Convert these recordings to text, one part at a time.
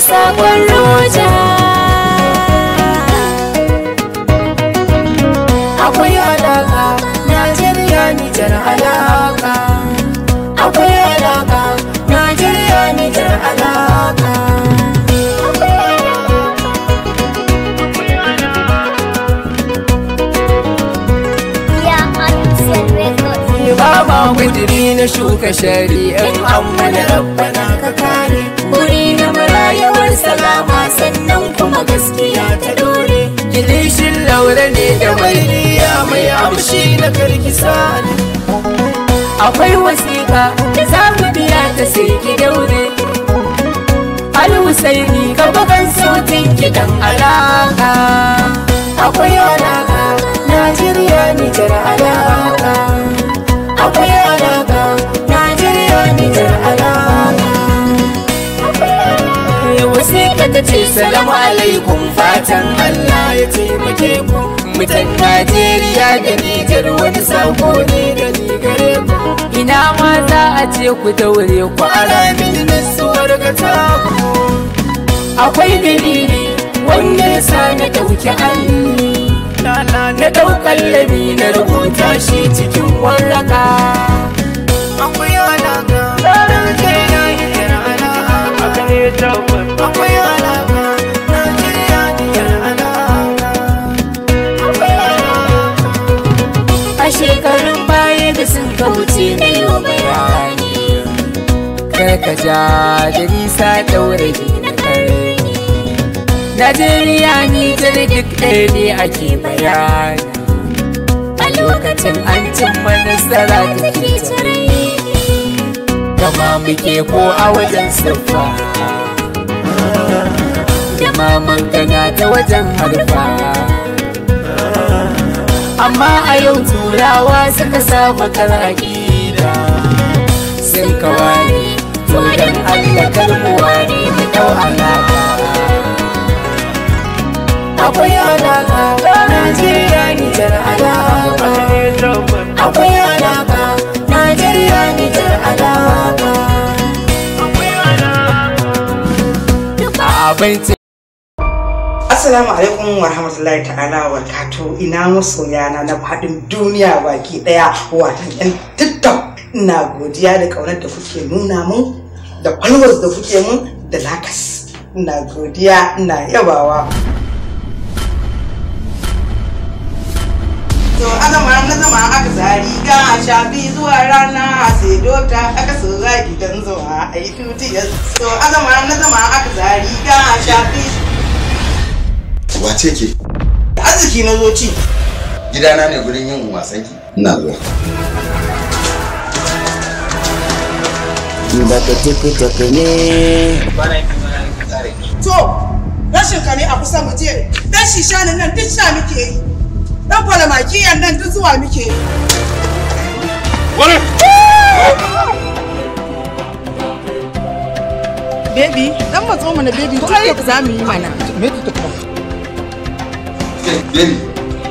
sakon roja akwai alaka najeriya nijar alaka akwai alaka najeriya nijar alaka Baba kudiri na shuka shari'in amma na rabbana ka Ilishin laure ne da mai mai amshi na karkisa Akwai wasiƙa da za mu biya ta sai ki daure Alhusaini ka bakan sautin kiɗan alaƙa Akwai alaƙa Najeriya nijar alaƙa Akwai alaƙa Najeriya nijar alaƙa Akwai Wasiƙa ta ce salamu alaikum fatan ya taimake ku mutan Najeriya da Nijar wani sako ne da gare ku ina ma za a ce ku daure ku alamin nasuwar ga taku akwai dalili wanda ya sa na ɗauki hannu na ɗaukar lami na rubuta shi cikin warraka ka ja da nisa ɗaurari na kare Najeriya ni ta duk ɗaya ne ake bayani A lokacin an cimma nasara da ke Kama muke ko a wajen siffa Kama mangana ta wajen harfa amma a yau turawa suka saba kar aƙida sun kawai to dan Allah karbuwa ne mu dau alaka akwai alaka Najeriya ni jar alaka akwai alaka Najeriya ni jar alaka Abinci Assalamu alaikum wa rahmatullahi ta'ala wa kato ina masoyana na faɗin duniya baki ɗaya watan 'yan tiktok ina godiya da ƙaunar da kuke nuna mun da kwalwar da kuke mun da lakas ina godiya ina yabawa to ana na zama aka zari ga shafi zuwa rana sai dota aka so za gidan zuwa a yi tutiyar to ana na zama aka zari ga shafi wace ke arziki na zo ci gidana ne gurin yin wasanki. ina zuwa ki baka tiki taka ne to rashin ka ne a kusa mu je dan shishanin nan duk sha muke yi dan falamakiyan nan duk zuwa muke yi wani Baby, dan matso mana baby, TikTok za mu yi mana. Me TikTok? Baby,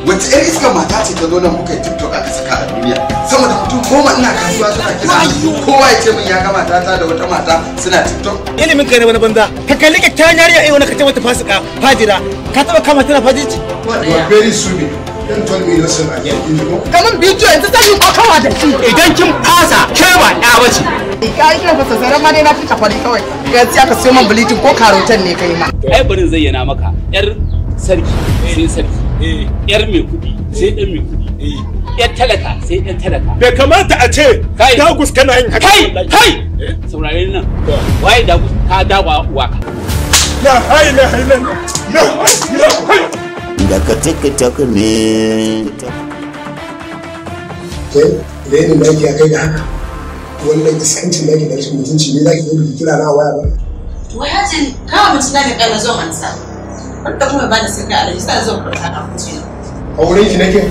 wace iri iska mata ce ta zo nan muka yi tiktok aka saka a duniya sama da mutum goma ina kasuwa suna kira kowa ya ce min ya ga mata ta da wata mata suna tiktok ilimin kai na wani banza ka kalli ka ta yariya yi eh, wani ka ce mata fasika fajira ka taba kama tana fajici wa beri very ne dan tol mi nasan a yanzu kaman bidiyo yanzu ta yi kokawa da shi idan kin fasa kewa ya wace ka yi kira fasa zaran ma dai na fita fari kawai yanzu ka siyo man bulletin ko karotan ne kai ma ai barin zayyana maka yar sarki eh. sai sarki eh. yar mai kuɗi sai dan mai kuɗi eh. yar talaka sai dan talaka bai kamata a ce dagus kana yin haka kai kai saurare nan waye dagus ka dawa waka la hai la hai la ya hai ya hai da ka take take ne ke lenin da ya kai da haka wannan iskancin da ke da rashin mutunci ne za ki yi kira na waya ba waya ce ka mutunta ka kana zo hansa ta kuma ba da sai kai alaji sai zo furta na kuce auren ki nake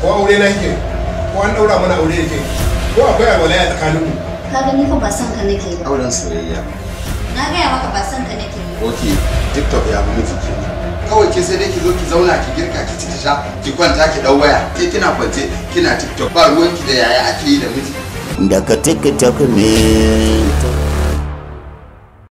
ko aure na ko an daura mana aure yake ko akwai alwalaya tsakanin mu ka gani fa ba san ka nake ba auren soyayya na gaya maka ba san ka nake ba okay tiktok ya mu miji kawai ke sai dai ki zo ki zauna ki girka ki ci ki sha ki kwanta ki dau waya ke kina kwance kina tiktok ba ruwanki da yaya ake yi da miji daga tiktok ne